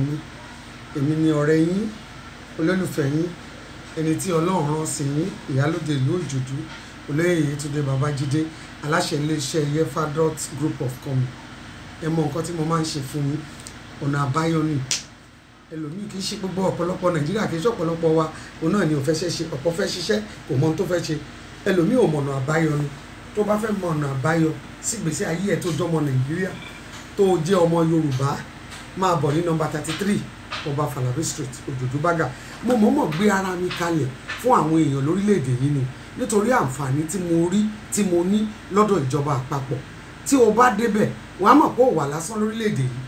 mi èmi ni ọ̀rẹ́ yín olólùfẹ́ yín ẹni tí ọlọ́run rán sí yín ìyálóde ìlú òjòdú olóyè yétúndé babájídé aláṣẹ iléeṣẹ́ yefadot group of com ẹ mọ nǹkan tí mo máa ń ṣe fún yín ọ̀nà àbáyọ ni ẹlòmíì kì í ṣe gbogbo ọ̀pọ̀lọpọ̀ nàìjíríà kì í ṣe ọ̀pọ̀lọpọ̀ wa òun náà ni ò fẹ́ ṣe ọ̀pọ̀ fẹ́ ṣiṣẹ́ kò mọ ohun tó fẹ́ ṣe ẹlòmíì ò mọ̀nà àbáyọ ni tó bá fẹ́ mọ̀nà àbáyọ sígbésí ayé ẹ̀ tó dọ́mọ nàìjíríà tó jẹ́ ọmọ yorùbá máa bọ̀ ní nọmba thirty three ọba Falabi street òdòdó bága mo mọ̀ọ́mọ̀ gbé ara mi kalẹ̀ fún àwọn èèyàn lórílẹ̀‐èdè yìí ni nítorí àǹfààní tí mo rí tí mo ní lọ́dọ̀ ìjọba àpapọ̀ tí o bá débẹ̀ wọ́n á mọ̀ pé ó wà lásán lórílẹ̀‐èdè yìí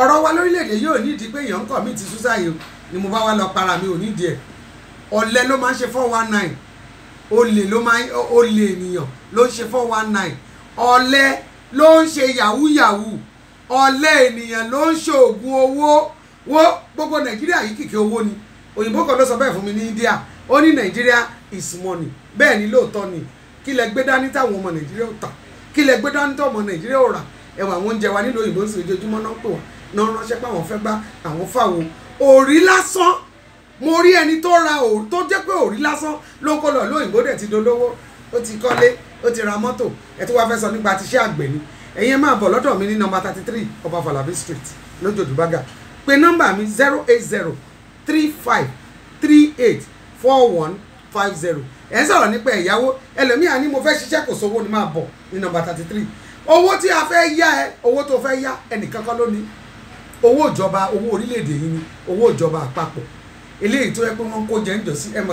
ọ̀rọ̀ wa lórílẹ̀‐èdè yìí ò ní ìdí pé èèyàn ń kọ̀ mí ti súsáyé ni mo bá wá lọ para mi ò ní ẹ̀ ọ̀lẹ ló máa ń ṣe four one nine olè ló máa ń olè ènìyàn ló ń ṣe four one nine ọ̀lẹ ló ń ṣe yahoo ọ̀lẹ́ ènìyàn ló ń ṣoògùn owó wó gbogbo nàìjíríà yìí kìkì owó ni òyìnbó kan ló sọ bẹ́ẹ̀ fún mi ní india ó ní nàìjíríà is money bẹ́ẹ̀ ni lóòótọ́ ni kí lẹ gbé dání táwọn ọmọ nàìjíríà ò tà kí lẹ gbé dání táwọn ọmọ nàìjíríà ò rà ẹwà àwọn oúnjẹ wa nílùú òyìnbó sì ojoojúmọ́ náà pè wá náà ránṣẹ́ pé àwọn fẹ́ gbá àwọn fàwo òrí lásán mo rí ẹni tó ra òrí tó jẹ́ pé òrí lásán ló kó lọ lóyìnbó dẹ̀ ti dolówó ó ti kọ́lé ó ti ra mọ́tò ẹ̀ tó wá fẹ́ sọ nípa tiṣẹ́ àgbẹ̀ ni ẹ̀yin máa bọ̀ lọ́dọ̀ mi ní nọmba thirty three ọba falabi street lójoojú bàgà pé nọmba mi zero eight zero three five three eight four one five zero ẹ̀ ń sọ̀rọ̀ nípa ẹ̀yáwó ẹlòmíà ni mo fẹ́ ṣiṣẹ́ kò sówó ni máa bọ̀ ní nọmba thirty three owó tí a fẹ́ yá ẹ owó tó fẹ́ yá ẹnìkan kan ló ní owó ìjọba owó orílẹ̀-èdè yìí ni owó ìjọba àpapọ̀ eléyìí tó yẹ pé wọ́n kó jẹ ń jọ sí ẹmọ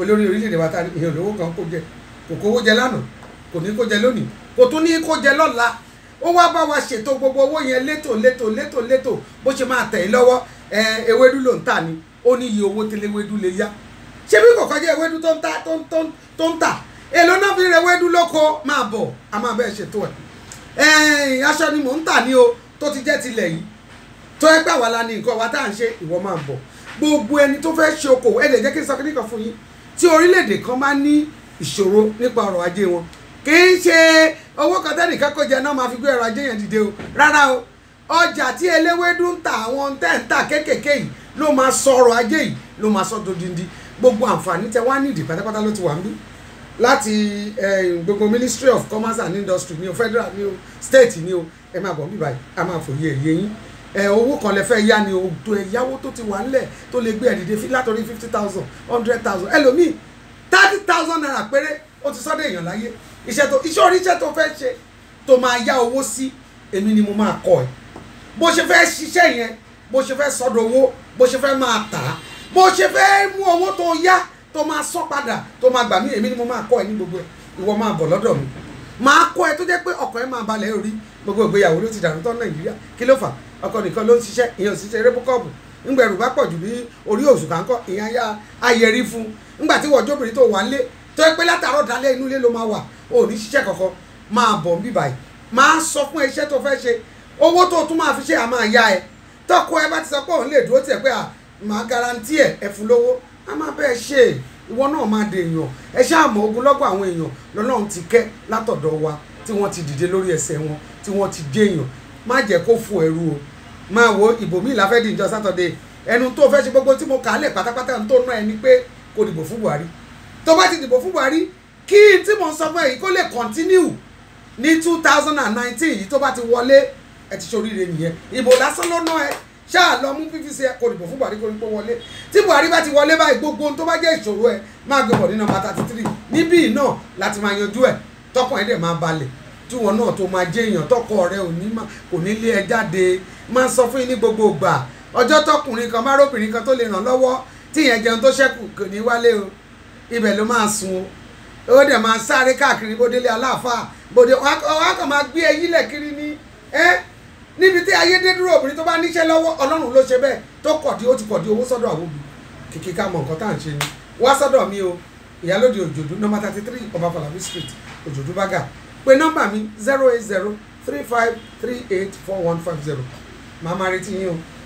olórí orílẹ̀-èdè wa ta ni èèyàn olówó kan kó jẹ kò kówó jẹ lánàá kò ní kó jẹ lónìí kò tún ní kó jẹ lọ́la ó wá bá wa ṣètò gbogbo owó yẹn létò létò létò létò bó ṣe máa tẹ̀ lọ́wọ́ ẹ ewédú ló ń tà ni ó ní iye owó tẹ́lẹ̀ ewédú lè yá ṣé bí kò kọjá ewédú tó ń tà tó ń tà èlò náà fi rẹ̀ ewédú lóko máa bọ̀ a máa bẹ́ẹ̀ ṣètò ẹ̀ ẹ̀ aṣọ ni mò ń tà ní o tó ti jẹ́ tilẹ̀ yìí tó ẹgbẹ́ àwa la ní nǹkan wa tá à ń ṣe ìwọ máa bọ̀ gbogbo ẹni tó fẹ́ ṣe okòwò ẹ̀ lè jẹ́ kí n sọ kí nìkan fún yín tí orílẹ̀-èdè kan bá ní ìṣòro nípa ọrọ̀ ajé wọn kì í ṣe owó kan tẹ́nìkan kó jẹ náà máa fi gbé ọrọ̀ ajé yẹn dìde o rárá o ọjà tí eléwédú ń ta àwọn tẹ́ ń ta kéékèèké yìí ló máa sọ ọrọ̀ ajé yìí ló máa sọ dodindi gbogbo àǹfààní tẹ wá nídìí pátápátá ló ti wà ń bí láti eh, gbogbo ministry of commerce and industry ni o federal ni o state ni o ẹ máa bọ̀ ń bí báyìí a máa fòye èyí yín ẹ eh, owó kan lẹ fẹ́ yá ni òdo ẹ̀yáwó tó ti wà ńlẹ̀ tó lè gbé ẹ̀dìdè látọ̀rí fifty thousand hundred thousand ẹlòmíì thirty thousand naira péré ó ti sọ́dọ̀ èèyàn láyé iṣẹ́ tó iṣẹ́ oríṣẹ́ tó fẹ́ ṣe tó máa yá owó sí èmi ni mo máa kọ́ ẹ bó ṣe fẹ́ ṣiṣẹ́ yẹn bó ṣe fẹ́ sọ́dọ̀ owó bó ṣe fẹ́ máa tà á bó ṣe fẹ́ mú owó tó yá tó máa sọ padà tó máa gbà mí èmi ni mo máa kọ́ ẹ ní gbogbo ẹ ìwọ máa bọ̀ lọ́dọ̀ mi máa kọ́ ẹ tó jẹ́ pé ọkọ̀ ẹ máa balẹ̀ orí gbogbo ìgbéyàwó ló ti dànù tán nàìjíríà kí ló fà ọkọ nìkan ló ń ṣiṣẹ́ ìyẹn òṣìṣẹ́ rébúkọ́ọ̀bù ńgbẹ̀rù bá pọ̀ jù ní orí òṣùkà ńkọ́ ìyẹn ayẹrí fún ńgbà tí wọ́n jóbìnrin tó wà lé tó yẹ pé látàárọ̀ dalẹ́ inú ilé ló máa wà ò ní ṣiṣẹ́ kankan máa bọ̀ ń bì báyìí máa sọ fún iṣẹ́ tó fẹ́ ṣe owó tó tún máa fi ṣe àmọ́ àyà ẹ tọ́kọ ẹ bá ti sọ pé òun lè dúró tiẹ̀ pé à máa garanti ẹ̀ ẹ̀ fún lówó a máa bẹ́ẹ̀ ṣe ìwọ náà máa dèèyàn ẹ ṣáà mọ̀ ogunlọ́gọ̀ àwọn èèyàn lọ́lọ́run ti kẹ́ látọ̀dọ̀ wa tí wọ́n ti dìde lórí ẹsẹ̀ wọn tí wọ́n ti déèyàn má jẹ́ kó fún ẹrú o máa wo ìbòmí ìlàfẹ́ dìjọ sátọ̀dẹ̀ ẹnu tó fẹ́ ṣe gbogbo tí mo kà á lẹ̀ pátápátá tó ná ẹni pé kò dìbò fún Buhari tó bá ti dìbò fún Buhari kí n tí mò ń sọ fún èyí kó lè continue ní two thousand and nineteen yìí tó bá ti wọlé ẹ ti ṣoríire nìyẹn ìbò lásán ló ná ẹ ṣáà lọ mú pvc ẹ kò dìbò fún Buhari kò ní pọ wọlé tí Buhari bá ti wọlé báyìí gbogbo ohun tó bá jẹ́ ìṣòro ẹ máa gbé bọ̀ ní nọ́mbà thirty three níbí náà láti máa yanjú ẹ tọkàn ẹ dẹ̀ máa balẹ̀ tí wọn náà tó máa jẹ́ èèyàn tọkọ rẹ kò ní lé ẹ jáde máa sọ fún yín ní gbogbo ìgbà ọjọ́ tọkùnrin kan bá róbìnrin kan tó lè ràn lọ́wọ́ tí jẹun tó ṣẹ́kù kò ní wálé o ibẹ̀ ló máa sùn o ó dẹ̀ máa sáré káàkiri bódélé aláàfáà bòdè wàá kàn máa gbé ẹyí lẹ̀ kiri ní ẹ́ níbi tí ayé dé dúró obìnrin tó bá níṣẹ́ lọ́wọ́ ọlọ́run ló ṣe bẹ́ẹ̀ tó kọ̀dí ó ti kọ̀dí owó sọ́dọ̀ àwọn obì kìkì ká mọ̀ nǹkan tá à ń ṣe ni wá sọ́dọ̀ mi o ìyálóde òjòdú nọ́mbà thirty three ọba falabi street òjòdú bága pé nọ́mbà mi zero eight zero three five three eight four one five zero màá máa retí yín o.